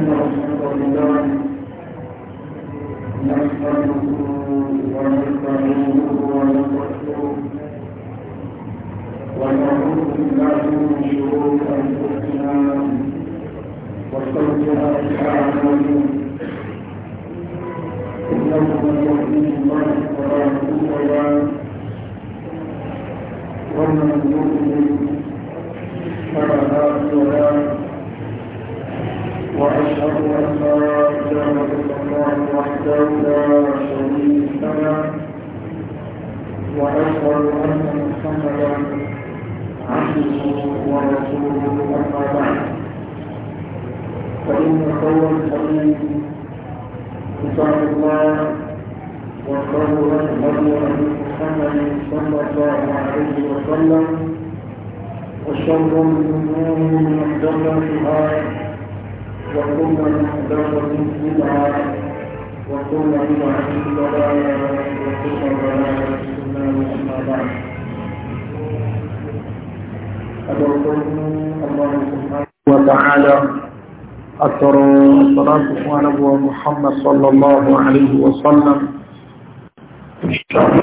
إن رسول الله نحمده ونستعينه ونستغفره ونعوذ بالله من شرور أنفسنا وسيئات أعمالنا محمد صلى الله عليه وسلم الله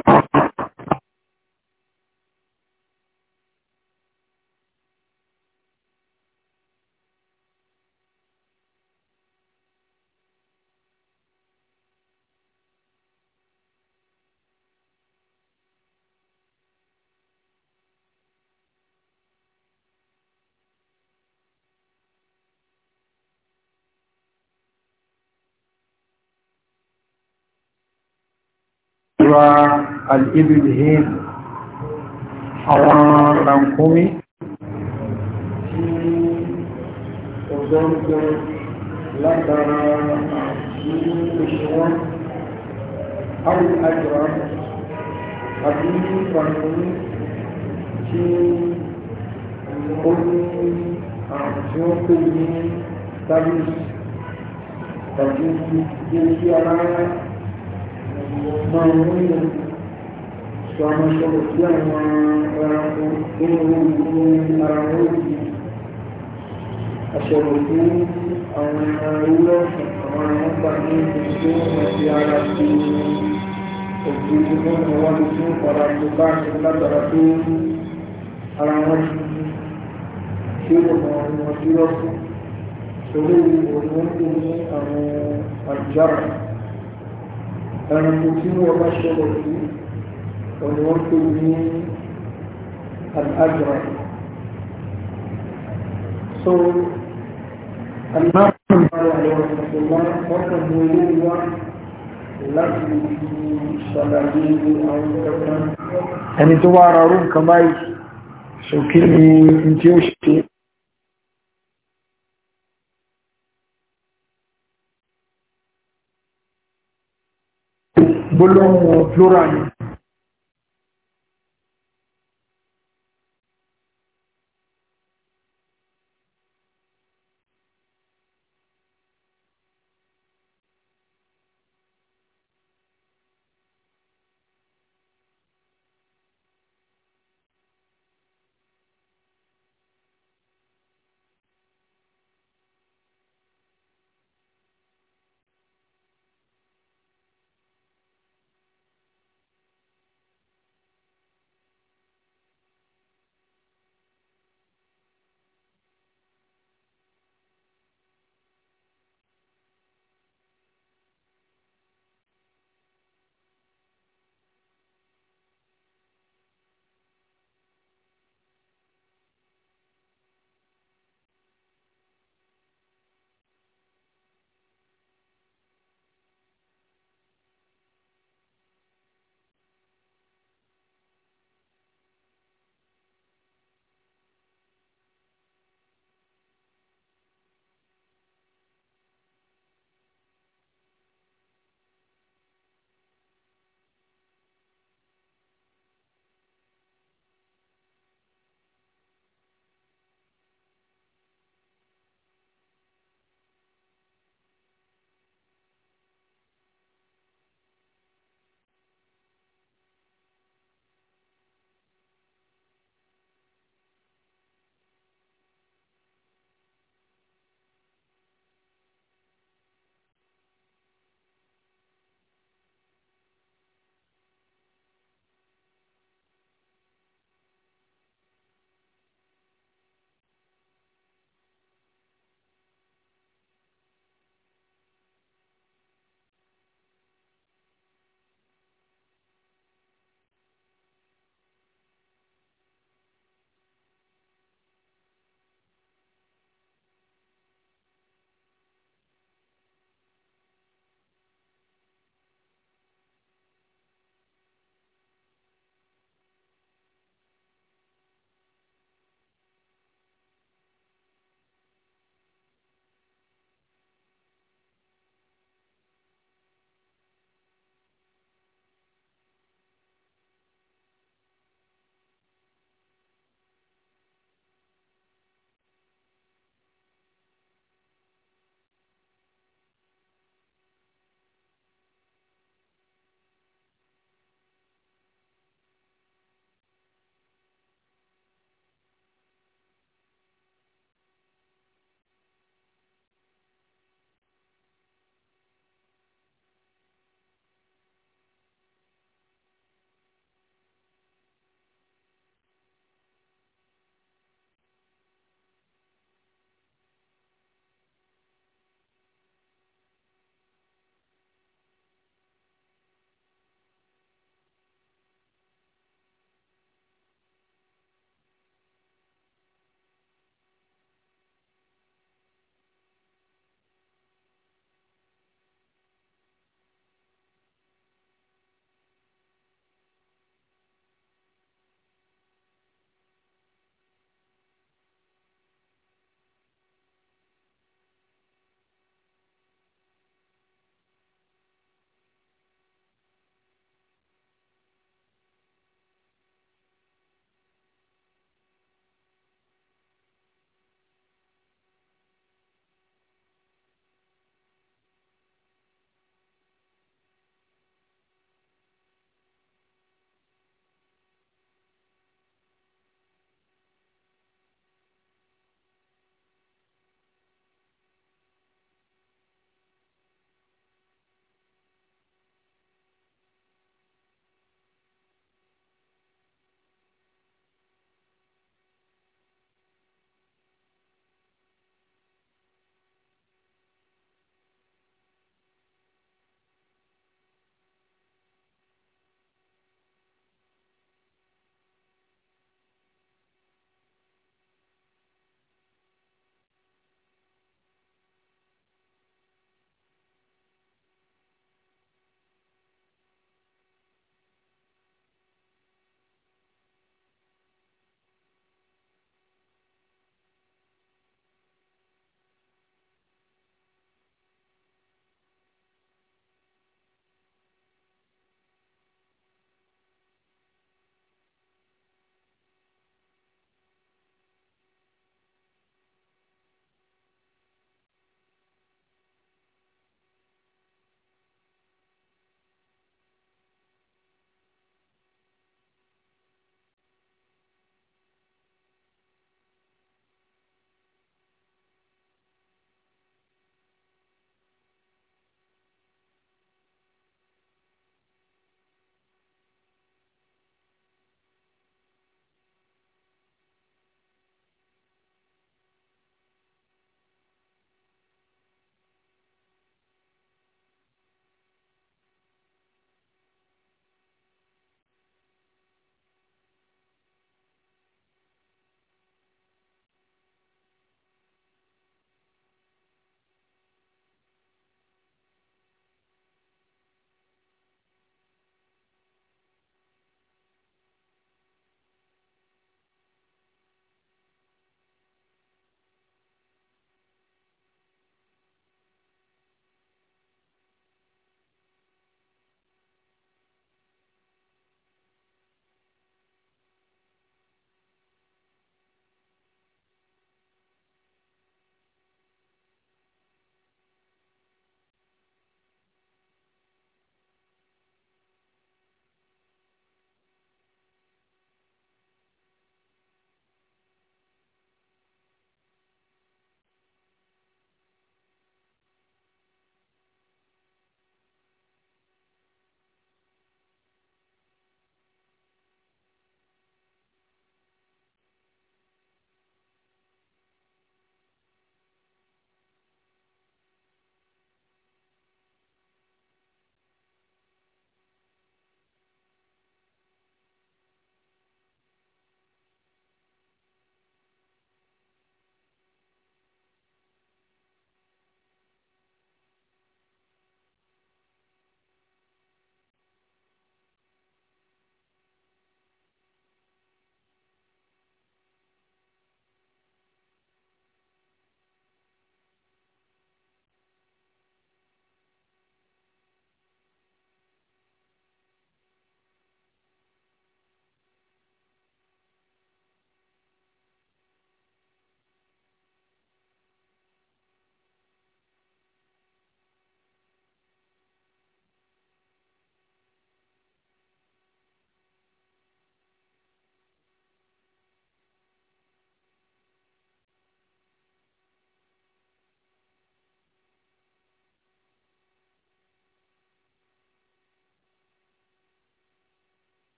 ra al'ibil hill àwọn rankumi tí ọjọ́jọ́ látara ní ìṣẹ́wọ́n àwọn àjọ́ àti rankumi tí ó ní àrùn ó pè ní tàbí tàbí tí máa ń rí wọn sọ àwọn sọ̀rọ̀ sí àwọn ẹranko nínú ohun ara wọn yìí aṣọ̀rọ̀ sí àwọn ewúrẹ́ àwọn ọmọọba ní ìṣó ẹ̀dí ara sí ìwọ̀n sí lọ́sùn. Sọ̀rọ̀ ìwọ̀n ní àwọn àjàrà ẹranko tí wọ́n bá ṣẹlẹ̀ sí ọ̀nà wọn tó ní àjọ so alimami mara àwọn ìṣẹ̀lẹ̀ wọn kàn mú ilé wa láti ṣàlàyé àwọn ìṣẹ̀lẹ̀ ẹni tó wá ara rú nǹkan báyìí ṣòkí ni tí ó ṣe gbólóhùn plural ni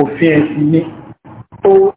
òfin ẹ̀sìn ni ó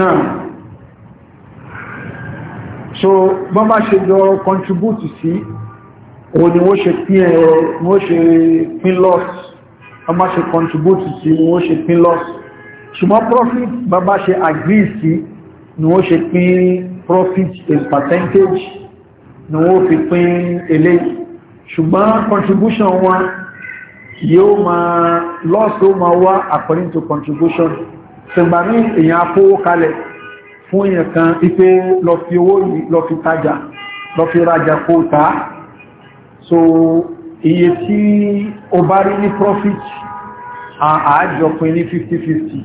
náà so bọ́n bá ṣe jọ contribute sí o ni wọ́n ṣe pín ẹ̀ wọ́n ṣe pín loss wọ́n bá ṣe contribute sí wọ́n ṣe pín loss ṣùgbọ́n profit bọ́n bá ṣe agree sí ni wọ́n ṣe pín profit as percentage ni wọ́n fi pín elé ṣùgbọ́n contribution wọn yóò ma loss ó ma wá according to contribution ṣùgbà ní èyàn afówó kalẹ̀ fún èyàn kan ipé lọ fi owó lọ fi tajà lọ fi rajà kó ta so iye tí o bá rí ní profit àájọpin ní 50-50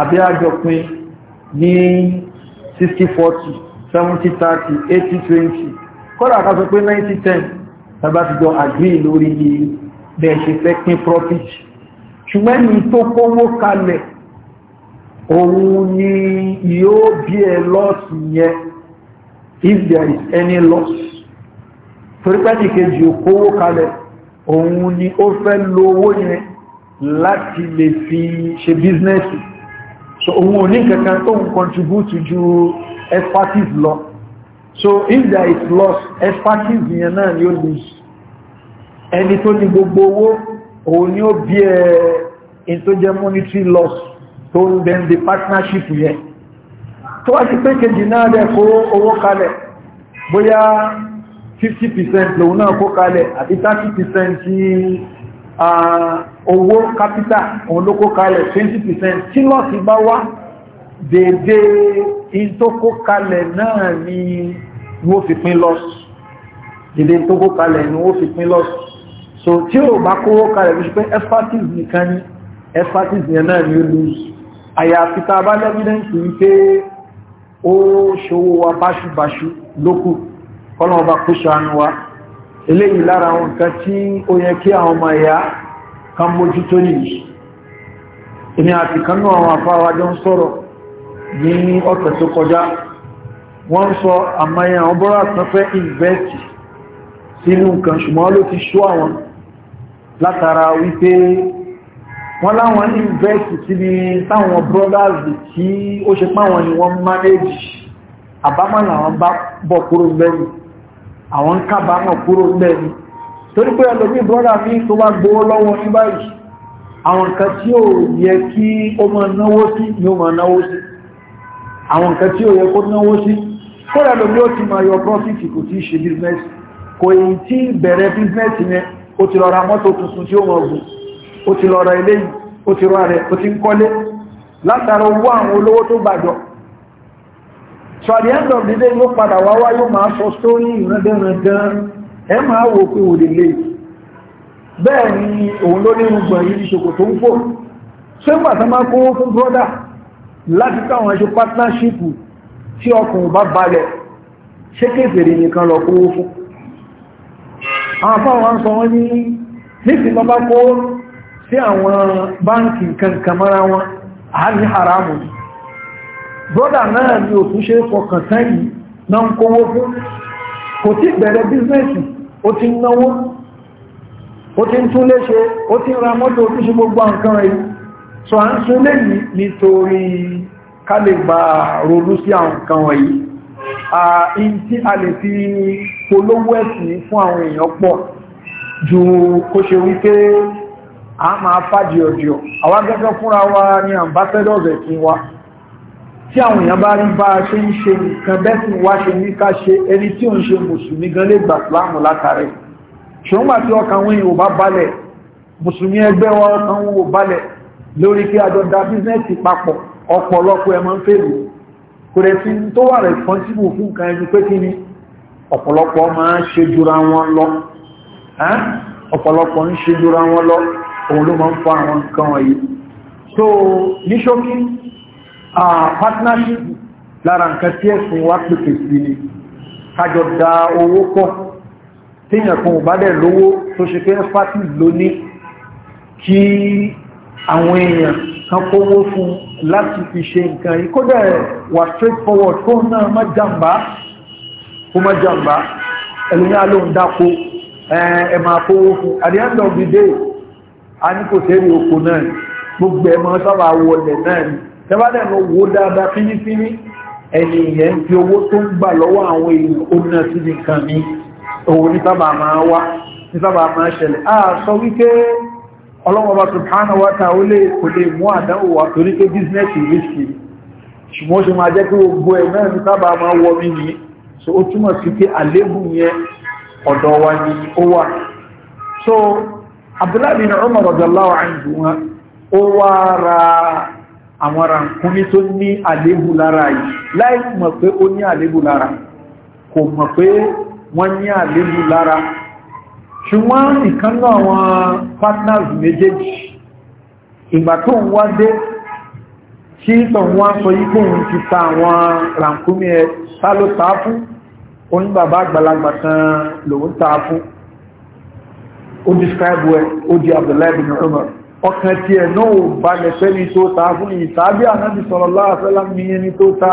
àbí àájọpin ní 60-40 70-30 80-20 kọ́lá àkásọ pé 90-10 tàbí àti jọ agree lórí bẹ̀ẹ̀ṣẹ̀ fẹ́ pín profit ṣùgbẹ́ni tó kówó kalẹ̀ òun ni yóò bí ẹ lọ́ọ̀sì yẹn if there is any loss torípẹ́ni kejì òkówó kalẹ̀ òun ni ó fẹ́ lo owó yẹn láti lè fi ṣe bíznẹ́sì so òun ò ní kankan tó ń contribute ju expertise lọ so if there is loss expertise yẹn náà ni ó lose ẹni tó ní gbogbo owó òun ni ó bí ẹ in monetary loss tó ń dẹ́ndé partnership yẹn tó wá sí pé kejì náà dẹ̀ kó owó kalẹ̀ bóyá 50% lòun náà kó kalẹ̀ àti 30% tí owó kápítà òun ló kó kalẹ̀ 20% tí lọ́sì bá wá dédé in tó kó kalẹ̀ náà ni wọ́n fi pín lọ́sì dédé in tó kó kalẹ̀ ni wọ́n fi pín lọ́sì so tí ò bá kówó kalẹ̀ ló ṣe pé expertise nìkan ni expertise yẹn náà ni ó lose àyàfi tá a bá lẹ́bídẹ́ǹsì o ó ṣòwò wa báṣubàṣu lókù kọ́nà ọba kó ṣàánú wa eléyìí lára àwọn tí ó yẹ kí àwọn ọmọ ẹ̀yà kan mójútó nìyí èmi àti kanú àwọn afáwa wọ́n sọ àmáyé àwọn wípé wọ́n láwọn ní bẹ́ẹ̀sì tí ní táwọn brothers tí ó ṣe páwọn ni wọ́n manage àbámọ̀ làwọn bá bọ̀ kúrò lẹ́nu àwọn kábàámọ̀ kúrò lẹ́nu torí pé ẹlòmí brother mi tó bá gbówó lọ́wọ́ ní báyìí àwọn nǹkan tí ó yẹ kí ó máa náwó sí ni ó máa náwó sí àwọn nǹkan tí ó yẹ kó náwó sí kó ẹlòmí ó ti máa yọ profit kò tí ṣe business kò èyí tí bẹ̀rẹ̀ business yẹn ó ti rọra mọ́tò tuntun tí ó mọ̀ gùn ó ti lọ́rọ̀ ilé yìí ó ti rọ́ rẹ̀ ó ti ń kọ́lé látara owó àwọn olówó tó gbàjọ so at the end of the day ló padà wá wá yóò máa sọ sórí ìrandẹ́randan ni òun ló ní ìrùngbọ̀n yìí ṣòkò tí ọkùnrin bá balẹ̀ ṣé kéfèrè nìkan lọ kówó fún àwọn afáwọn sọ wọ́n ní nísìnyí kówó sí àwọn báńkì kankan mara wọn a ní haramu brọ́dà náà ni ò tún ṣe fọkàn tán na ń kówó fún kò tí bẹ̀rẹ̀ bíznẹ́sì ó ti ń náwó ó ti ń tún léṣe ó ti ń ra mọ́tò ó ti ṣe gbogbo nǹkan rẹ̀ so a ń sún léyìí nítorí ká lè gba ronú sí àwọn nǹkan wọ̀nyí in tí a lè fi polówó ẹ̀sìn fún àwọn èèyàn pọ̀ ju kó ṣe wípé a máa fàájì ọdíọ̀ àwọn gẹ́gẹ́ fúnra wa ní ambassadors ẹ̀sìn wa tí àwọn èèyàn bá rí bá ṣe ń ṣe nǹkan bẹ́sìn wá ṣe ní ká ṣe ẹni tí ò ń ṣe mùsùlùmí gan lè gbà síláàmù látàrí ṣùgbọ́n tí ọkàn wọn yìí ò bá balẹ̀ mùsùlùmí ẹgbẹ́ wa ọkàn wọn ò balẹ̀ lórí kí àjọ da bíznẹ́sì papọ̀ ọ̀pọ̀lọpọ̀ ẹmọ ń fèrè kò rẹ̀ sí tó wà responsible fún nǹkan ẹni pé kí ni ọ̀pọ̀lọpọ̀ máa ń ṣe jura wọn lọ ọ̀pọ̀lọpọ̀ ń ṣe jura wọn lọ òun ló máa ń fọ́ àwọn nǹkan wọ̀nyí so ní ṣókí partnership lára nǹkan tí ẹ̀sùn wá pèpè sí ni kájọ da owó pọ̀ tíyàn kan ò bá dẹ̀ lówó tó ṣe pé fásitì ló ní kí àwọn èèyàn kan kówó fún láti fi ṣe nǹkan yìí kódẹ̀ wà straightforward kó náà má jàmbá kó má jàmbá ẹlòmíà ló dáko ẹ kówó fún at the end of the day a ní kò sẹ́rí oko náà ni gbogbo ẹ̀mọ́ sábà wọlẹ̀ náà ni tẹ́bàdẹ̀ ló wo dáadáa fínífíní ẹni ìyẹn fi owó tó ń gbà lọ́wọ́ àwọn èèyàn ó ná sí nìkan ní òun ní sábà máa wá ní sábà máa ṣẹlẹ̀ a sọ wípé ọlọ́mọba subhanahu wa ta'ala ó lè kò lè mú àdánwò wà torí pé bísínẹ́sì ríṣì ṣùgbọ́n ṣe máa jẹ́ pé gbogbo ẹ̀ náà sábà máa wọ mí nìyí so ó túmọ̀ sí pé àlébù yẹn ọ̀dọ̀ wa ni ó wà so Abdullahi bin Umar radiyallahu anhu ó wá ra àwọn ràkúnmí tó ní àléébù lára yìí láì mọ̀ pé ó ní àléébù lára kò mọ̀ pé wọ́n ní àléébù lára ṣùgbọ́n ìkan náà wọn partners méjèèjì ìgbà tó ń wá dé tí ìtàn wọn sọ yí òun ti ta àwọn ràkúnmí ẹ sálótàá fún oní àgbàlagbà kan lòun tàá fún ó describe wẹ ó di abdullahi bin umar ọkàn tí ẹ̀ náà balẹ̀ fẹ́ni tó ta fún ní tàbí ànábì sallallahu alaihi wasallam ní ẹni tó ta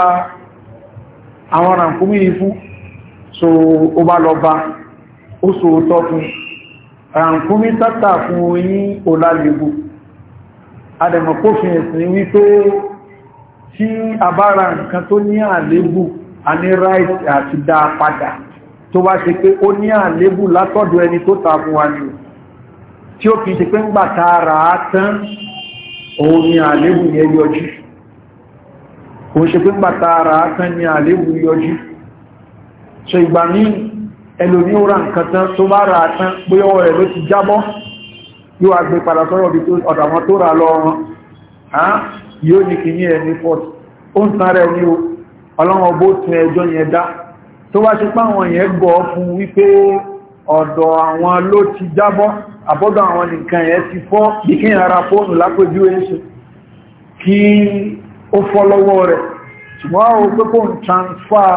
àwọn ràǹkúmí yìí fún so ó bá lọ bá ó sòótọ́ fún ràǹkúmí tátà fún oyin olálẹ́gbò adẹ̀mọ̀kófin ẹ̀sìn wípé tí a nǹkan tó ní àlébù a ní right àti dá padà tó bá ṣe pé ó ní àlébù látọ̀dọ̀ ẹni tó ta fún wa ni tí ó fi ṣe pé ń gbà ta ara tán òun ni àlébù yẹn yọjú òun ṣe pé ń gbà ta ara tán ni àlébù yọjú so ìgbà ní ẹlòmí ó ra nǹkan tán tó bá ra tán bóyá ọwọ́ rẹ̀ ló ti jábọ́ yóò wá padà sọ́rọ̀ bí ọ̀dọ̀ tó wá ṣe páwọn yẹn gọ́ fún wípé ọ̀dọ̀ àwọn ló ti jábọ́ àbọ́dọ̀ àwọn nìkan yẹn ti fọ́ bí kí ara fóònù lápójú èṣù kí ó fọ́ lọ́wọ́ rẹ̀ ṣùgbọ́n ó pé kó ń transfer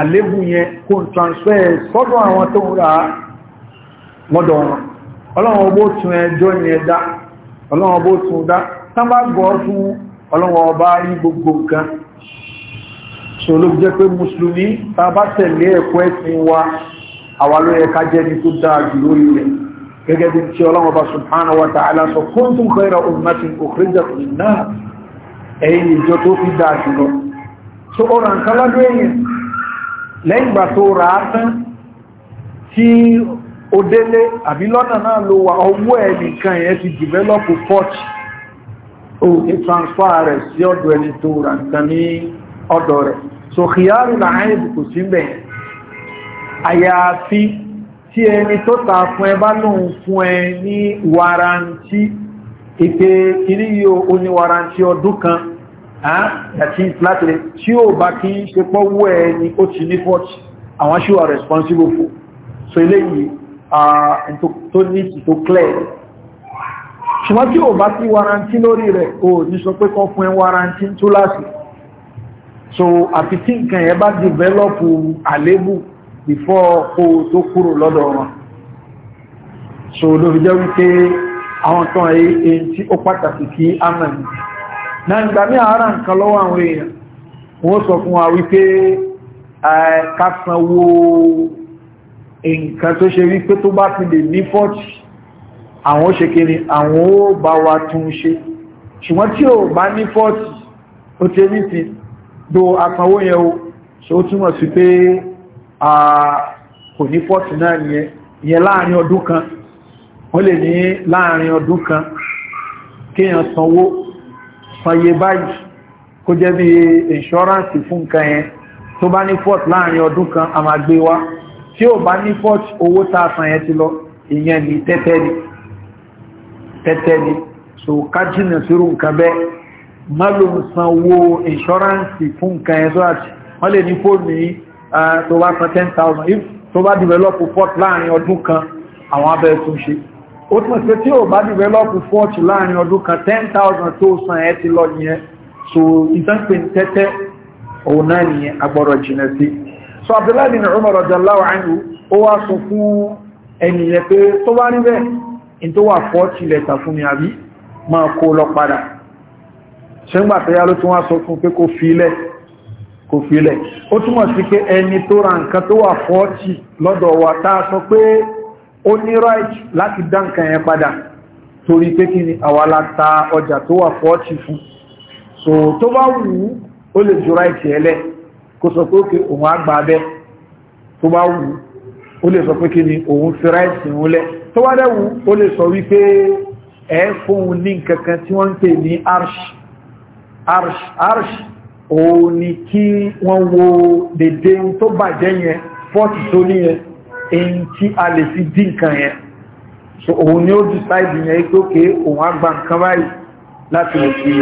àlébù yẹn kó ń transfer sọ́dọ̀ àwọn tó ń ọlọ́wọ́ bó tún ẹjọ́ tán bá gọ́ fún ọlọ́wọ́ ọba rí gbogbo nǹkan so ló jẹ́ pé mùsùlùmí ta bá tẹ̀lé ẹ̀kọ́ ẹ̀sìn wa àwa ló yẹ ká jẹ́ ní tó dáa jù lórí gẹ́gẹ́ bí tí ọlọ́run ọba wa ta'ala sọ kuntum khayra ummatin ukhrijat lin-nas ẹ̀yin ìjọ tó fi dáa jù lọ so ọ̀rọ̀ nǹkan lọ́dọ̀ èèyàn lẹ́yìn ìgbà tó rà á tán tí ó délé àbí lọ́nà náà ló wà transfer rẹ̀ sí ọ̀dọ̀ ẹni tó rà nǹkan ní ọ̀dọ̀ rẹ̀ so khiyaru la'ayin kò sí bẹ̀ àyàfi tí ẹni tó ta fún ẹ bá lóun fún ẹ ní warranty ìpè kìíní yóò ó ní warranty ọdún kan àti láti rẹ̀ tí ó bá kí ń ṣe pọ́wọ́ ẹ ni ó ti ní fọ́tí àwọn ṣíwà responsible for so eléyìí tó ní ti tó clear so àfi tí nǹkan yẹn bá dìvẹ́lọ́pù àlébù before kó tó kúrò lọ́dọ̀ wọn so ló fi jẹ́ wípé àwọn kan èyí tí ó pàtàkì kí á mọ̀ ní na ìgbà ní ara nǹkan lọ́wọ́ àwọn èèyàn wọ́n sọ fún wa wípé ká sanwó nǹkan tó ṣe wípé tó bá ti lè ní fọ́ọ̀tì àwọn ó ṣe kiri àwọn ó bá wa tún ṣe ṣùgbọ́n tí ò bá ní fọ́ọ̀tì ó ti ní sí do àpàwó yẹn o so túnmọ̀ sí pé kò ní pọ́tù náà yẹn láàrin ọdún kan wọ́n lè ní láàrin ọdún kan kíyàn sanwó sanye báyìí kó jẹ́ bí insurance fún nǹkan yẹn tó bá ní port láàrin ọdún kan a máa gbé wá tí ò bá ní port owó tàà san yẹn ti lọ ìyẹn ni tẹ́tẹ́ ni tẹ́tẹ́ ni so ká jìnà sírù nǹkan bẹ́ẹ̀ má ló ń insurance fún nǹkan ẹ̀ sọ́ọ̀tì wọ́n lè ní fóònù yìí tó bá san ten thousand if tó bá develop fort láàrin ọdún kan àwọn abẹ́ tún ṣe ó tún ṣe tí ò bá develop fort láàrin ọdún kan ten thousand tó san ẹ ti lọ nìyẹn so ìtànpé tẹ́tẹ́ òun náà nìyẹn agbọ́rọ̀ jìnà sí so Abdullahi bin Umar radiyallahu anhu ó wá sọ fún ẹnìyẹn pé tó bá rí bẹ́ẹ̀ in tó wà fọ́ọ̀tì lẹ́ta ṣẹ́gbà tó yá ló tún wá sọ fún pé kò fílẹ̀ kò fílẹ̀ ó túnmọ̀ sí pé ẹni tó ra nǹkan tó wà fọ́ọ̀tì lọ́dọ̀ wa táa sọ pé ó ní right láti dá nǹkan yẹn padà torí pé kí ni àwa la ta ọjà tó wà fọ́ọ̀tì fún so tó bá wù ú ó lè ju right yẹn lẹ̀ sọ pé òkè òun á gbà tó bá wù ú ó lè sọ pé kí ni òun fi right òun lẹ̀ tó bá dẹ̀ wù ú ó lè sọ wípé ẹ̀ fóun ní nǹkan kan tí wọ́n ń pè ní arsh arsh arsh o ni kí wọ́n wo dédé tó bàjẹ́ yẹn fọ́tì tó ní yẹn èyí tí a lè fi dí nǹkan yẹn so òun ni ó decide yẹn pé ókè òun á gba nǹkan báyìí láti lè fi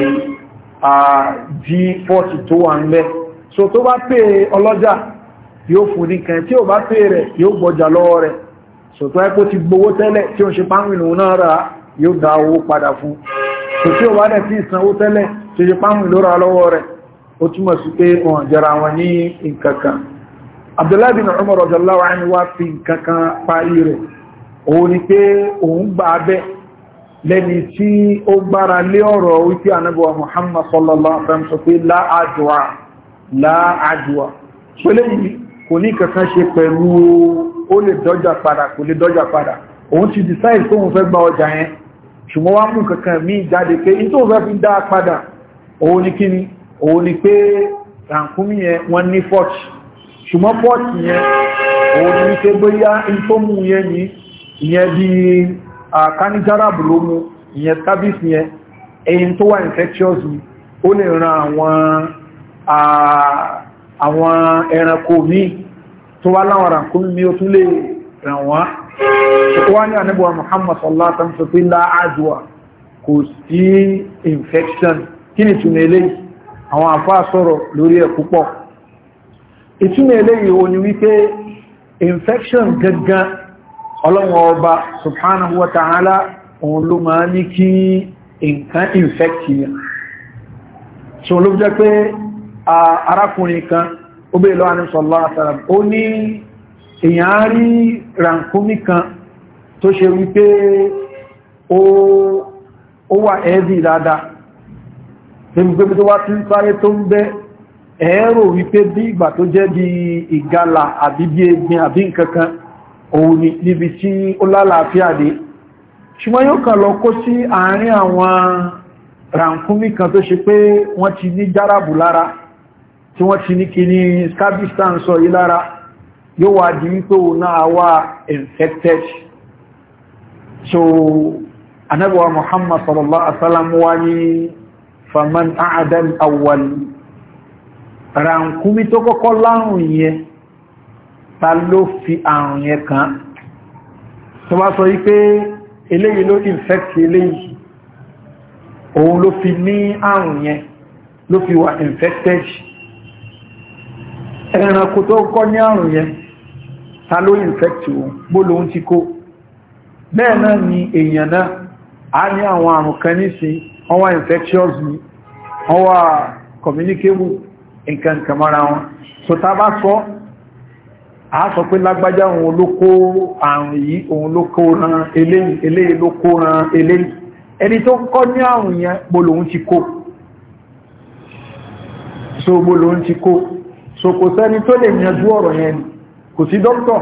dí fọ́tì tó wà ń lẹ́ so tó bá pè ọlọ́jà yóò fún ní kan tí ó bá pè rẹ̀ yóò gbọ́jà lọ́wọ́ rẹ̀ so tó ẹ́kó ti gbowó tẹ́lẹ̀ tí ó ń ṣe pánwìn òun náà rà yóò dá owó padà fún so tí ó bá dẹ̀ tí ìsanwó tẹ́lẹ̀ tó ṣe pámù lóra lọ́wọ́ rẹ̀ ó túnmọ̀ sí pé wọ́n jẹra wọn ní nkankan Abdullahi bin Umar radiyallahu anhu wá fi nkankan parí rẹ̀ òun ni pé òun gbà abẹ́ lẹ́ni tí ó gbára lé ọ̀rọ̀ wípé anábọ̀wà Muhammad sallallahu ṣùgbọ́n wá mú kankan mí jáde pé in tó fẹ́ fi dá padà òun ni kí ni òun ni pé ràǹkúmí yẹn wọ́n ní fọ́ọ̀tì ṣùgbọ́n fọ́ọ̀tì yẹn òun ni wípé bóyá in tó mú yẹn ní ìyẹn bí i àkánijárábù ló mú ìyẹn scabies yẹn èyí tó wà infectious ni ó lè ran àwọn ẹranko mi tó wá láwọn ràǹkúmí mi ó tún lè ràn wọ́n wọ́n ní àníbọ̀ Muhammad infection kí ni ìtumọ̀ eléyìí àwọn àfáà sọ̀rọ̀ lórí ẹ̀ púpọ̀ ìtumọ̀ eléyìí o ni wípé infection gangan ọlọ́wọ́ ọba subhanahu wa ta'ala òun ló máa ní kí nǹkan infect yẹn so ló jẹ́ pé arákùnrin kan ó bèèrè lọ́wọ́ ní sọ́lọ́ àtàrà ó ní èyàn rí kan tó ṣe wípé ó wà ẹ́ẹ̀dì dáadáa tẹ́mi pé tó wá tí ń sáré tó ń bẹ́ ẹ̀ẹ́rò wípé bí ìgbà tó jẹ́ bí ni níbi tí ó lálàáfíà dé ṣùgbọ́n yóò kàn lọ kó sí àárín àwọn ràǹkúnmí kan tó ṣe pé wọ́n ti ní járàbù lára tí wọ́n ti ní kí ní skabistan sọ yí lára yóò wá di wípé òun náà wá infected so anábọ̀wà muhammad sallallahu alaihi wasallam wá ní faman a'adal awwal rankumi tó kọ́kọ́ láàrùn yẹn ta ló fi àrùn yẹn kan tó bá sọ wípé eléyìí ló infect eléyìí òun ló fi ní àrùn yẹn ló fi wà infected ẹranko tó kọ́ ní àrùn yẹn ta ló infect òun gbólóhun ti kó bẹ́ẹ̀ náà ni èèyàn náà a ní àwọn àrùn kan nísìnyí wọ́n infectious ni wọ́n wá communicable nǹkan kàmára wọn so ta bá sọ a sọ pé lágbájá òun ló kó àrùn yìí òun ló kó ran eléyìí eléyìí ló kó ran eléyìí ẹni tó kọ́ ní àrùn yẹn gbólóhun ti kó so gbólóhun ti kó so kò sẹ́ni tó lè yanjú ọ̀rọ̀ yẹn kò sí dókítọ̀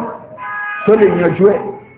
tó lè yanjú ẹ̀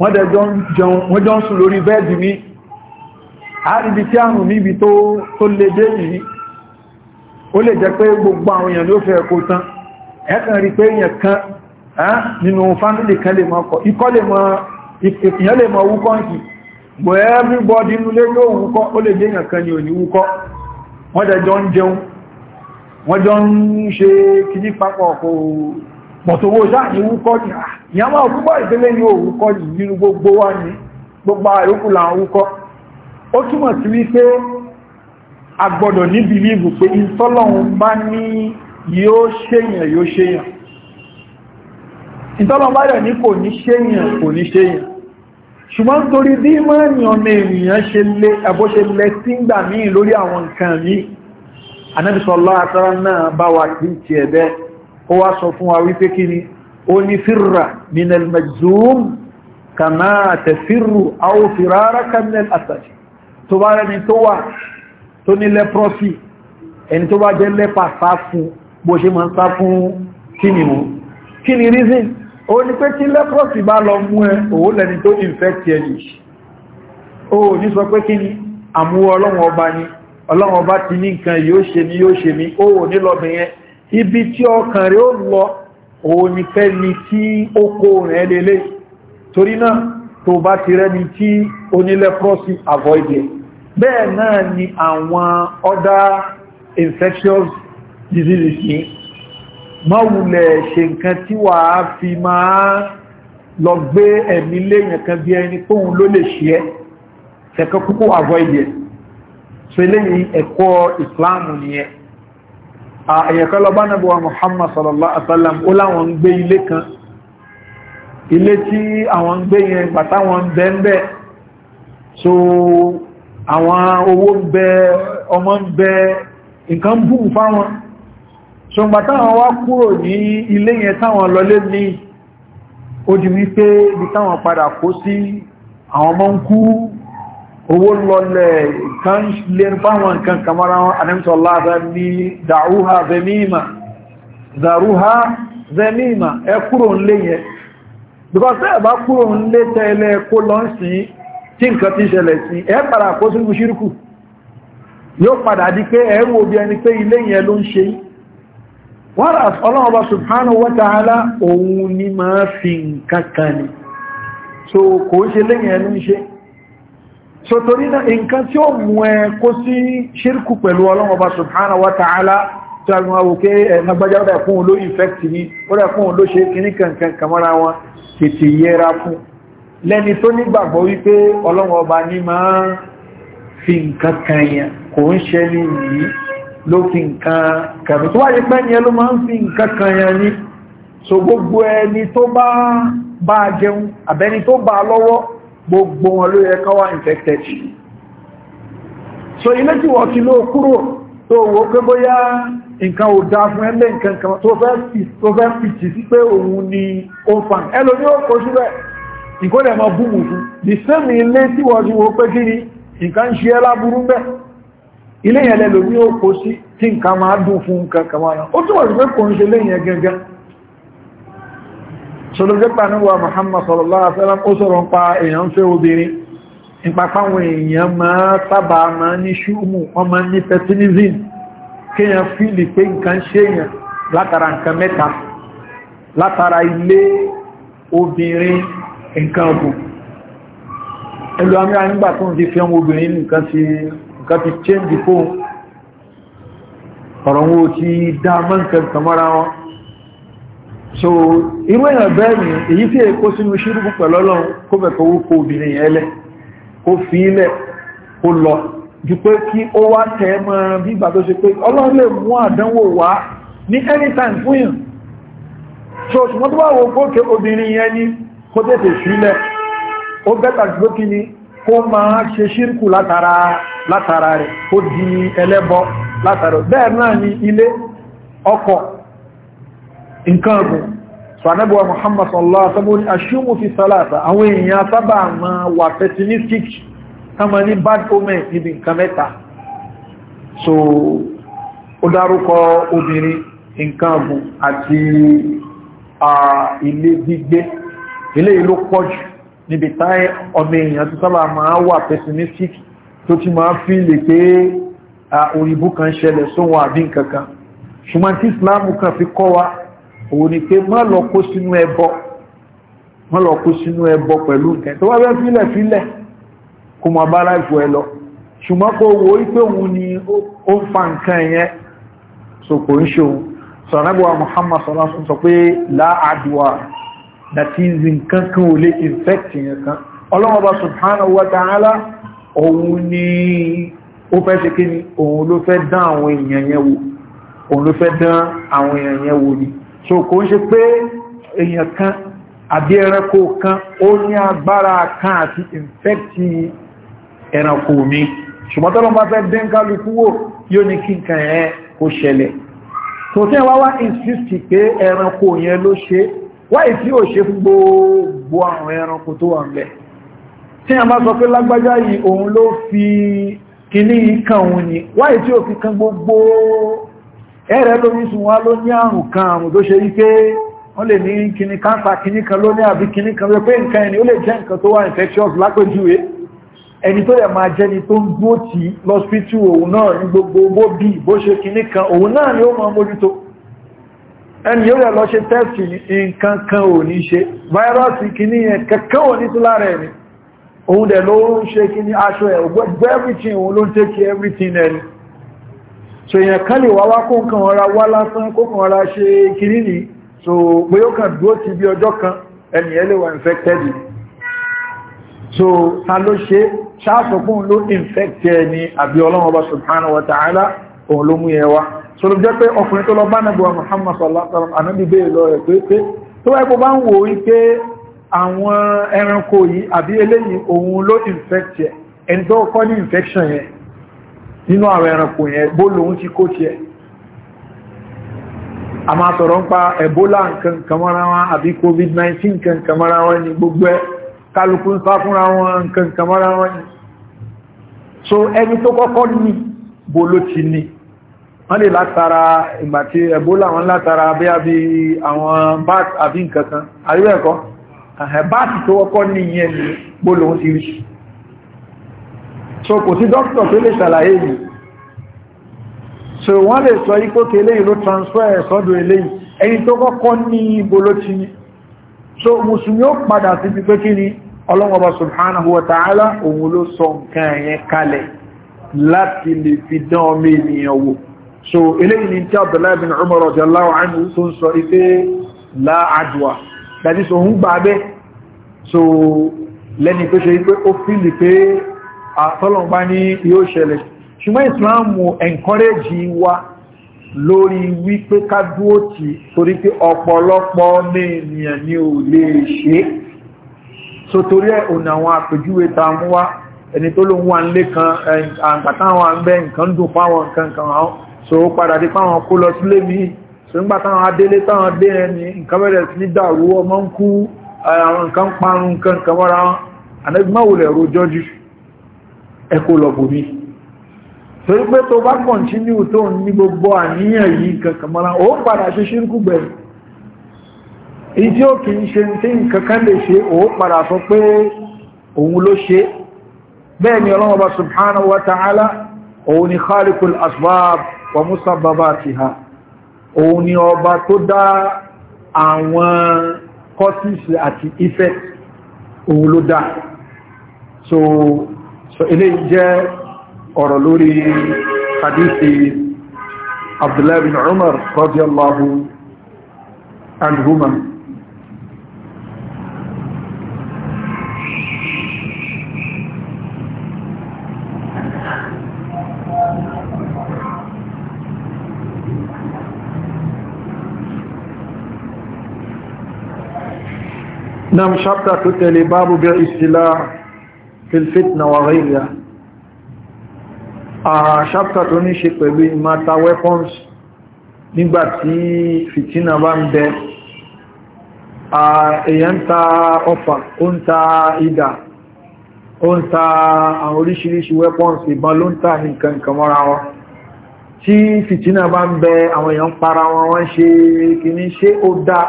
wọ́n jọ ń sùn lórí bẹ́ẹ̀dì mi àríbi tí àrùn mi ibi tó lè dé yìí ó lè jẹ́ pé gbogbo àwọn èèyàn ló fẹ́ ẹ̀kọ́ tán ẹ̀kàn rí pé èèyàn kan nínú fámílì kan lè mọ́ ọkọ̀ ikọ́ lè mọ́ ìpìyàn lè mọ́ wúkọ́ ń kì bọ̀ everybody inú lé yóò wúkọ́ ó lè jẹ́yàn kan ni ò ní wúkọ́ wọ́n jẹ́ jọ ń jẹun wọ́n jọ ń ṣe kìí papọ̀ pọ̀tòwò sáàni wúkọ́ ní à ní a ah, máa púpọ̀ ìpínlẹ̀ ní òwúkọ́ ní nínú gbogbo wá ní gbogbo àyókù là ń wúkọ́ ó túmọ̀ sí wípé a gbọ́dọ̀ ní bìlíìbù pé ìtọ́lọ́hun bá ní yóò ṣèyàn yóò ṣèyàn ìtọ́lọ́hun bá dẹ̀ ní ó wá sọ fún wa wípé kí ni ó ní fírra minel majzum kama tafirru aw firaraka minel asad tó bá rẹni tó wà tó ní leprosy ẹni tó bá jẹ́ lẹ́pà sá fún bó ṣe máa ń sá fún kí ni mú kí ni reason ó ní pé tí leprosy bá lọ mú ẹ òun lẹni tó infect ẹni ó ní sọ pé kí ni àmú ọlọ́run ọba ni ọlọ́run ọba ti ní nǹkan yóò ṣe ní yóò ṣe ní ó ní lọ́bìn ibi tí ọkàn rẹ̀ ó lọ òun ni fẹ́ ni tí ó kó rẹ̀ lélẹ̀ torí náà tó bá ti rẹ́ ni tí onílẹ́prọ́sì avoid it bẹ́ẹ̀ náà ni àwọn other infectious diseases ní máwùlẹ̀ ṣe nǹkan tí wà á fi máa lọ gbé ẹ̀mí léyìn kan bí ẹni tóhun ló lè ṣe ẹ́ tẹ̀kọ́ púpọ̀ avoid it ẹ̀kọ́ ìsìláàmù nìyẹn àyẹ̀kọ́ lọ bá nẹ́bọ̀wà Muhammad sallallahu alaihi wasallam ó láwọn ń gbé ilé kan ilé tí àwọn ń gbé yẹn gbàtà wọn bẹ́ẹ̀bẹ́ so àwọn owó ń bẹ ọmọ ń bẹ nǹkan bú fáwọn so gbàtà wọn wá kúrò ní ilé yẹn táwọn lọlé ní ó di wípé ibi táwọn padà kó sí àwọn ọmọ ń kú owó lọlẹ̀ kan lè fáwọn nǹkan kamara wọn anẹ́mtọ́ láta ní dàrúha zemima dàrúha zemima ẹ kúrò ń lé yẹn because ẹ bá kúrò ń lé tẹ́lẹ̀ kó lọ sí tí nǹkan ti ṣẹlẹ̀ sí ẹ padà kó sínú ṣírkù yóò padà di pé ẹ wò bí ẹni pé ilé yẹn ló ń ṣe whereas sotori na nǹkan tí ó mú ẹ kó sí ṣírkù pẹ̀lú ọlọ́run ọba wa ta'ala tí a gbọ́nà wòké ẹ̀nagbájá ó dẹ̀ fún un ló ìfẹ́kì ní ó fún un ṣe kìíní kankan kamara wọn tètè yẹra fún lẹ́ni tó nígbàgbọ́ wípé ọlọ́run ọba ní máa fi nǹkan kan yẹn kò ń ṣe ní yìí ló fi nǹkan kàbí tó wáyé pẹ́ yẹn gbogbo wọn ló yẹ káwà infected so ilé tí wọ́n ti ló kúrò tó wó pé bóyá nǹkan ò dá fún ẹlẹ́ nǹkan kan tó fẹ́ pìtì sí pé òun ni ó ń fàn ẹlò ní ó kó síbẹ̀ nǹkan lè búmù fún the same ilé tí wọ́n ti wó pé kí ni nǹkan ń ṣe láburú bẹ́ ilé yẹn lẹ́lò ní ó kó sí tí nǹkan máa dùn fún nǹkan kan máa sọlọ́jọ́pá níwà Muhammad sallallahu alaihi wasallam ó sọ̀rọ̀ pa èèyàn fẹ́ obìnrin ìpapáwọn èèyàn máa sábà máa ní ṣúmù ọmọ ní pessimism kíyàn fílì pé nǹkan ṣèyàn látara nǹkan mẹ́ta látara ilé obìnrin nǹkan ọ̀gùn ẹlú àmì àyígbà tó ń di fi ọmọ obìnrin nǹkan ti change fóun ọ̀rọ̀ wọn ò ti dá mọ́ nǹkan kàmọ́ra wọn so irú èyàn bẹ́ẹ̀ ni èyí tí èkó sínú ṣírùkù pẹ̀lọ́lọ́run kó ko wúkọ obìnrin yẹn kó fi ilẹ̀ kó lọ ju pé kí ó wá tẹ́ mọ́ bí ìgbà tó ṣe pé ọlọ́run lè mú àdánwò wá ní anytime fún yàn so ṣùgbọ́n tó bá wo kókè obìnrin yẹn ni kó tètè sílẹ̀ ó bẹ́tà gbó kí ni kó máa ṣe ṣírùkù látara látara di ẹlẹ́bọ látara bẹ́ẹ̀ náà ni ilé ọkọ̀ nǹkan ọ̀gùn sọ̀nẹ́bùwà Muhammad sallallahu alaihi wasallam ashumu aṣíwò fi sọ́láta àwọn èèyàn sábà ma wà pessimistic tánmà ní bad omen níbi nǹkan mẹ́ta so ó dárúkọ obìnrin nǹkan ọ̀gùn àti ilé gbígbé ilé ìlú pọ̀jù níbi táyé ọmọ èèyàn tó sábà ma wà pessimistic tó ti ma fi lè pé òrìbú kan ṣẹlẹ̀ sóhun àbí nǹkan ṣùgbọ́n tí Islam kan fi kọ́ wa òun ni pé má lọ kó sínú ẹbọ má lọ kó sínú ẹbọ pẹ̀lú nǹkan tó wá fẹ́ fílẹ̀ fílẹ̀ kó mọ bá láìfọ ẹ lọ ṣùgbọ́n kó wo wípé òun ni ó ń fa nǹkan yẹn so kò ń ṣe òun sọ̀rọ̀gbọ́wà Muhammad sọ̀rọ̀sùn sọ pé láàdùwà that is nǹkan kan ò lè infect yẹn kan ọlọ́mọba subhanahu wa ta'ala òun ni ó fẹ́ ṣe kí ni òun ló fẹ́ dán àwọn èèyàn yẹn wò òun ló fẹ́ dán àwọn èèyàn yẹn wò ni so kò ń ṣe pé èèyàn kan àbí ẹranko kan ó ní agbára kan àti infecti ẹranko mi ṣùgbọ́n tọ́lọ́ bá fẹ́ dín kálukú wò yóò ní kí nǹkan ẹ̀ kó ṣẹlẹ̀ tó tí wá wá insist pé ẹranko yẹn ló ṣe wáyé tí ó ṣe fún gbogbo àwọn ẹranko tó wà ń tí a bá sọ pé lágbájá yìí òun ló fi kíní kan òun ni wáyé tí ó fi kan gbogbo ẹ̀rẹ́ lórí sùn wá ló ní àrùn kan àrùn tó ṣe wípé wọ́n lè ní kíní káńsà kíní kan ló ní àbí kíní kan wípé nǹkan ẹni ó lè jẹ́ nǹkan tó wà infectious lápèjúwe ẹni tó yẹ máa jẹni tó ń gbó tí lọ́spítù òun náà ní gbogbo bó bí bó ṣe kíní kan òun náà ni ó máa mójútó ẹni yóò rẹ̀ lọ ṣe tẹ́sì nǹkan kan ò ní ṣe fáírọ́ọ̀sì kíní yẹn kankan ò ní tó lára ẹni òun dẹ̀ ló ń ṣe kíní aṣọ ẹ̀ ògbẹ́ everything òun ló ń take everything ẹni so èèyàn kan lè wá wá kó nǹkan ọ̀ra wá lásán kó nǹkan ọ̀ra ṣe kiri ni so pé ó kàn dúró ti bí ọjọ́ kan ẹni ẹ lè wà infected so ta ló ṣe ṣáàsọ̀kún ló infected ni àbí ọlọ́run ọba subhanahu wa ta'ala òun ló mú yẹ wá so ló jẹ́ pé ọkùnrin tó lọ bá nàbíwá muhammad sallallahu alaihi wasallam ànábì bẹ́ẹ̀ lọ rẹ̀ pé pé tó wáyé kó bá ń wò ó pé àwọn ẹranko yìí àbí eléyìí òun ló infected ẹni tó kọ́ ní infection yẹn nínú àwọn ẹranko yẹn bó lòun ti kó tiẹ̀ a máa sọ̀rọ̀ ń pa ebola nǹkan kàmọ́ra wọn àbí covid-19 nǹkan kàmọ́ra wọn ni gbogbo ẹ kálukú ń sá fúnra wọn nǹkan kàmọ́ra wọn ni so ẹni tó kọ́kọ́ ní bó ló ti ní wọ́n lè látara ìgbà tí ebola wọn látara bí àbí àwọn bat àbí nǹkan kan àríwẹ̀kọ́ bat tó kọ́kọ́ ní ìyẹn ni bó lòun ti rí so kò sí dókítà tó lè ṣàlàyé yìí so wọ́n lè sọ ipò tí eléyìí ló transfer sọ́dọ̀ eléyìí ẹni tó kọ́kọ́ ní ibo ló ti so musulmi ó padà sí pípé kí ni ọlọ́wọ́ba subhanahu wa ta'ala òun ló sọ nǹkan ẹ̀yẹn kalẹ̀ láti lè fi dán ọmọ ènìyàn wò so eléyìí ni tí abdullahi bin umar radiyallahu anhu tó ń sọ ipé láàdùwà dájí so ń gbà bẹ́ so lẹ́ni pé ṣe ipé ó fílì pé àtọ́lọ̀gbá ní yóò ṣẹlẹ̀ ṣùgbọ́n ìsìláàmù encourage wa lórí wípé kádúó tí torí pé ọ̀pọ̀lọpọ̀ mẹ́ẹ̀nìyàn ni ò lè ṣe so torí ẹ̀ ònà àwọn àpèjúwe ta mú wá ẹni tó lóun wà nílé kan àǹkàtà àwọn àgbẹ̀ nǹkan dùn fáwọn nǹkan kan àwọn so ń parun nǹkan kan mọ́ra wọn ànẹ́gbọ́n wò lẹ̀ ẹkó lọ bòmí torí pé tó bá kọ̀ntínú tó ń ní gbogbo àníyàn yìí kankan mọ́ra ó padà ṣe ṣírkù bẹ̀rẹ̀ èyí tí ó kì í ṣe tí nkankan lè ṣe ó padà sọ pé òun ló ṣe bẹ́ẹ̀ ni ọlọ́wọ́ subhanahu wa ta'ala òun ni khaliqul asbab wa musabbabatiha òun ni ọba tó dá àwọn causes àti effects òun ló dá so so eléyìí jẹ́ ọ̀rọ̀ lórí hadithi abdullahi bin umar radiyallahu anhuma نعم شرطة تتلي باب بالإسلاح في الفتنة وغيرها ṣáptà A ní ṣe pẹ̀lú ìmáta weapons nígbàtí fìtínà bá ń bẹ èyàn ta ọfà ó ń ta ìdà ó ń ta àwọn weapons ìbọn ló ń ta nǹkan nǹkan mọ́ra wọn tí fìtínà bá para wọn wọ́n ṣe kìíní ṣe ó dá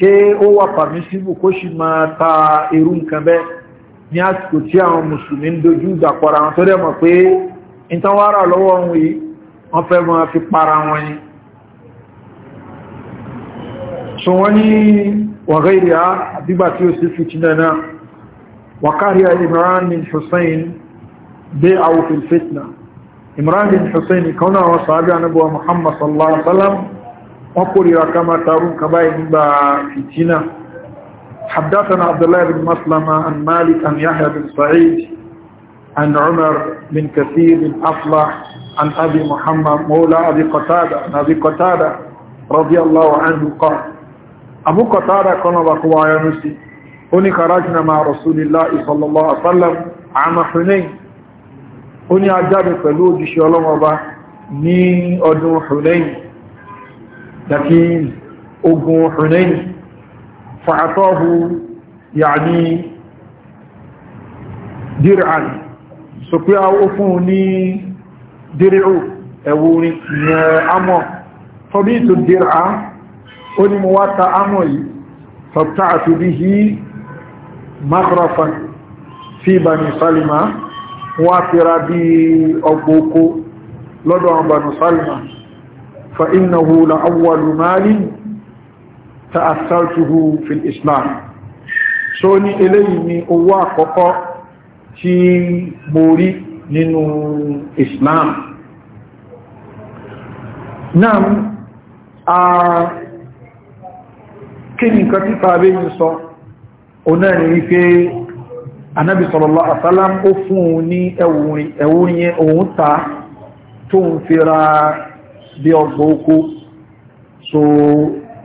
ṣe ó wà pàmísíbù kó ṣì máa ta irú nǹkan bẹ́ẹ̀ ní àsìkò tí àwọn mùsùlùmí ń dojú ìgbà pọ̀ra wọn tó dẹ̀mọ̀ pé ìtàn wá rà lọ́wọ́ wọn yìí wọ́n fẹ́ mọ́ fi para wọn ni so wọ́n ní wọ̀gẹ́ ìrìá àbígbà tí ó sì fi tínà náà wàkárí Imran bin Hussein dé àwòfin fitna Imran bin Hussein kan náà wọ́n Muhammad sallallahu alaihi wasallam wọ́n kórìíra kama tarun kaba ìgbà fitina حدثنا عبد الله بن مسلمة عن مالك عن يحيى بن سعيد عن عمر بن كثير بن أفلح عن أبي محمد مولى أبي قتادة عن أبي قتادة رضي الله عنه قال أبو قتادة كان بقوا نسي، هني خرجنا مع رسول الله صلى الله عليه وسلم عام حنين هني أجاب فلوج جشي الله وبا ni ọdún hunayn dàkí ogun hunayn فأعطاه يعني درعا سقيا أفوني درع أوني أمو فبيت الدرع أني مواتا أموي فابتعت به مغرفا في بني سلمة وافر بي أبوكو لدى بني سلمة فإنه لأول مال ta'asartuhu fil islam so ní eléyìí ni owó àkọ́kọ́ tí mo rí nínú islam náà a kí ni nǹkan tí tàbí ń sọ o náà ni wípé anábi sallallahu alaihi wasallam ó fún un ní ẹ̀wùn yẹn òun ta tó ń fi ra bí ọgbọ̀ oko so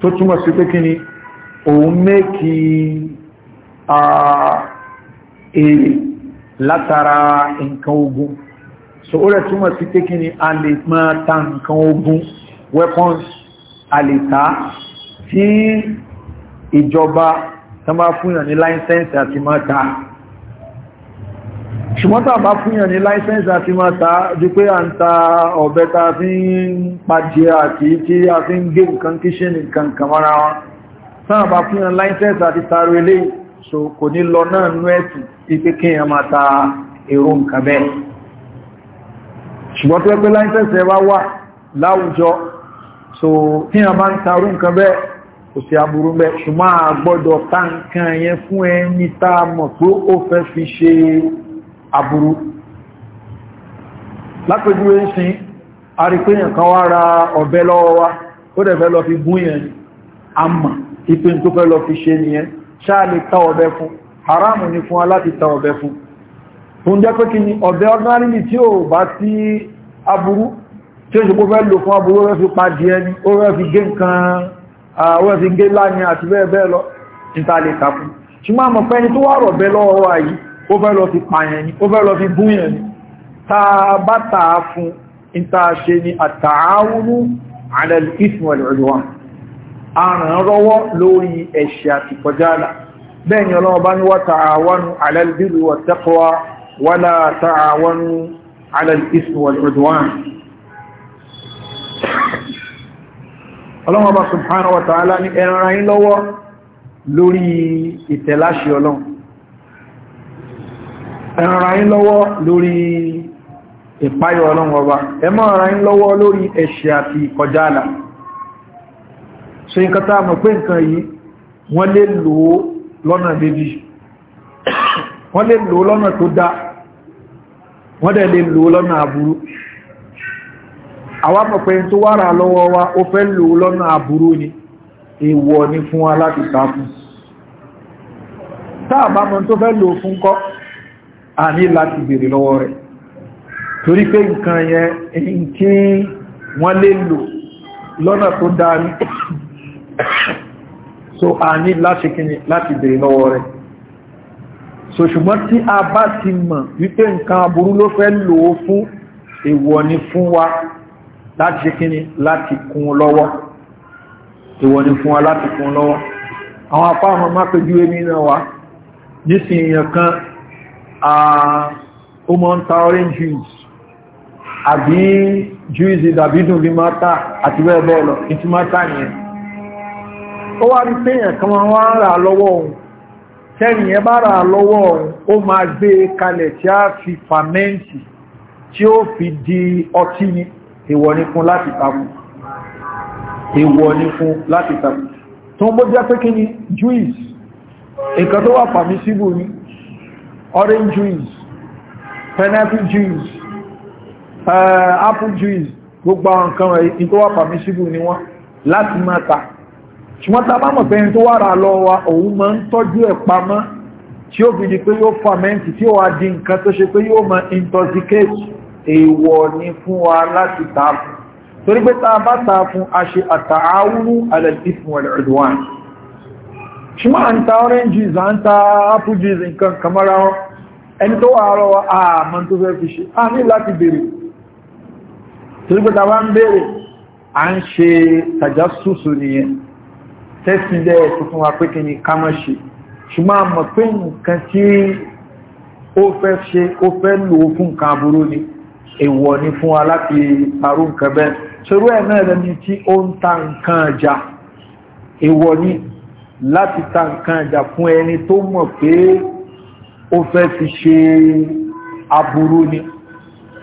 tó túnmọ̀ sí pé kí ni òun mẹ́kì èrè látara nǹkan ogun so ó rẹ̀ túnmọ̀ sí pé kí ni a lè máa ta nǹkan ogun weapons a lè ta tí ìjọba tán bá fún ìyàn láìsẹ́ǹsì àti máa ta ṣùgbọ́n tàbá fúnyàn ní láìsẹ́nsì àti máa ta jù pé à ń ta ọ̀bẹ ta fi ń pàjẹ àti tí a fi ń gé nǹkan kíṣẹ́ nìkan kàmọ́ra wọn tàbá fúnyàn láìsẹ́nsì àti tàrò ilé so kò ní lọ náà nú ẹ̀tù ipé kíyàn máa ta èrò nǹkan ṣùgbọ́n tó ẹgbẹ́ láìsẹ́nsì ẹwà wà láwùjọ so kíyàn bá ń tarú nǹkan bẹ́ẹ̀ kò sí aburú bẹ́ẹ̀ ṣùgbọ́n àgbọ́dọ̀ tá nǹkan yẹn fún ẹni tá a mọ̀ pé ó fẹ́ fi ṣe Aburu, lápẹjú ẹ̀ ń sin arípéyàn kan wá ra ọ̀bẹ lọ́wọ́ wa ó dẹ̀ fẹ́ lọ fi gún yẹn àmà ìpé tó fẹ́ lọ fi ṣe nìyẹn ṣáà lè ta ọ̀bẹ fún haramu ni fún aláti ta ọ̀bẹ fún fún jẹ́ pé kí ni ọ̀bẹ ordinary tí ó bá sí aburú tí ó ṣe kó fẹ́ lò fún aburú rẹ̀ fi pàdé ẹni ó rẹ̀ fi gé wa yìí ó fẹ́ lọ fi pààyàn ni ó fẹ́ lọ fi búyàn ni ta bá taa fún ìta ṣe ni àtàáwúnú ala al-ithmi wal-'udwan àrùn rọwọ́ lórí ẹ̀ṣẹ̀ àti kọjáàlá bẹ́ẹ̀ni ọlọ́wọ́ bá ní wá ta'awanu ala al lórí ìtẹ̀láṣẹ́ ọlọ́run ẹ̀rọ yín lọ́wọ́ lórí ìpáyọ̀ ọlọ́run ọba yín lórí ẹ̀ṣẹ̀ àti àlà so nǹkan a mọ̀ pé nǹkan yìí wọ́n lè lò lọ́nà méjì wọ́n lè lò lọ́nà tó dá wọ́n dẹ̀ lè lò lọ́nà àbúrú a ní láti bèèrè lọ́wọ́ rẹ̀ torí pé nǹkan yẹn èyí tí wọ́n lè lò lọ́nà tó dárí so a ní láti bèèrè lọ́wọ́ rẹ̀ so ṣùgbọ́n tí a bá ti mọ̀ wípé nǹkan aburú ló fẹ́ lò ó fún èwọ̀ ni fún wa láti ṣe kíni láti kún lọ́wọ́ èwọ̀ ni fún wa láti kún lọ́wọ́ àwọn apá ọmọ má pẹ̀jú èmi náà wá nísìnyàn kan Ah, ó mọ́ ń ta orange juice àbí juice ìdàbídùn ní mata àti bẹ́ẹ̀ bẹ́ẹ̀ lọ ìtí mata yẹn ó wá rí péyàn kan wọ́n wá rà lọ́wọ́ òun tẹ́yìn ẹ bá rà lọ́wọ́ òun ó máa gbé e kalẹ̀ tí a fi fàmẹ́ǹtì tí ó fi di ọtí ni èwọ̀ ní fún láti takùn èwọ̀ ní fún láti takùn tó ń bó jẹ́ pé kí ni juice nǹkan tó wà fàmí síbò ni orange juice pineapple juice uh, apple juice gbogbo àwọn nǹkan rẹ̀ tó wà permissible ni wọ́n láti máa ta ṣùgbọ́n ta bá mọ̀ pé ẹni tó wà rà lọ wa òun máa ń tọ́jú ẹ̀ pamọ́ tí ó fi di pé yóò fàmẹ́ǹtì tí ó wà di nǹkan tó ṣe pé yóò máa intoxicate èèwọ̀ ni fún wa láti ta fún torí pé ta bá ta fún a ṣe àtàáwú alẹ́ ìfún ẹ̀lẹ́dùn ṣùgbọ́n à ń ta oranges à ń ta apple juice nǹkan kamara wọn ẹni tó wà wa àmọ́ tó fẹ́ fi ṣe a ní láti béèrè torí pé tàbá ń béèrè à ń ṣe tajassusu nìyẹn tẹ́sí dẹ́ tuntun wa pé kí ni ká mọ́ ṣe ṣùgbọ́n àmọ́ pé nǹkan tí ó fẹ́ ṣe ó fẹ́ lò ó fún nǹkan aburú ni èèwọ̀ ni fún wa láti parú nǹkan bẹ́ẹ̀ ṣerú ẹ̀ náà lẹ́ni tí ó ń ta nǹkan ọjà èèwọ̀ ni láti ta nǹkan ìjà fún ẹni tó mọ̀ pé ó fẹ́ fi ṣe aburú ni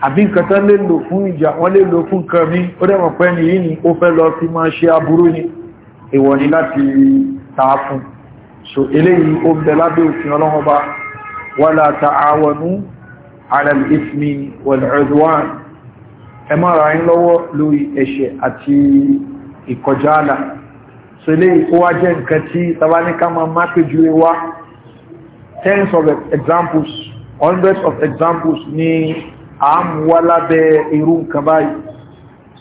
àbí nǹkan tán lè lò fún ìjà wọ́n lè lò fún nǹkan mi ó dẹ̀mọ̀ pé ní yìí ni ó fẹ́ lọ sí máa ṣe aburú ni èwọ̀ ni láti ta fún so eléyìí ó bẹ lábẹ́ òfin ọlọ́wọ́ bá wala ta'awanu ala al ẹ má ra yín lọ́wọ́ lórí ẹ̀ṣẹ̀ àti ìkọjá sele kó wá jẹ́ nǹkan tí tabaníkà máa mákèjú wa tens of examples hundreds of examples ní àmúwá lábẹ́ irú nǹkan báyìí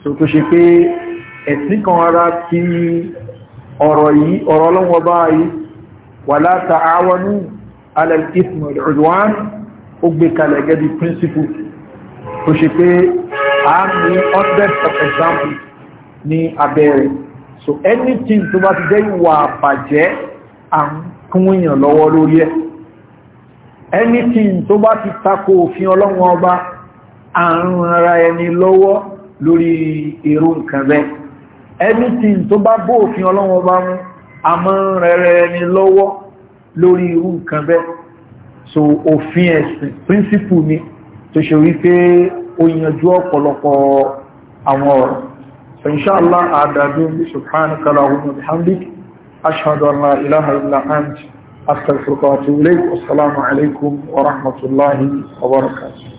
so tó ṣe pé ẹ̀sìn kan ara ti ọ̀rọ̀ yìí ọ̀rọ̀ ọlọ́wọ́ báyìí wala ta'awanu ala al-ithmi ó gbé kalẹ̀ gẹ́gẹ́ principle tó ṣe pé a ní hundreds of examples ní abẹ́rẹ̀ so anything tó bá ti jẹ́ ìwà àbàjẹ́ à ń èèyàn lọ́wọ́ lórí ẹ̀ anything tó bá ti tako òfin ọlọ́wọ́n ọba à ń ra ẹni lọ́wọ́ lórí èrò nǹkan bẹ́ẹ̀ anything tó bá bó òfin ọlọ́wọ́n ọba mú a máa ń ẹni lọ́wọ́ lórí irú nǹkan bẹ́ẹ̀ so òfin ẹ̀sìn principle ni tó ṣe wípé ó yanjú ọ̀pọ̀lọpọ̀ àwọn ọ̀rọ̀ فإن شاء الله أعدادين سبحانك اللهم وبحمدك أشهد أن لا إله إلا أنت أستغفرك وأتوب إليك والسلام عليكم ورحمة الله وبركاته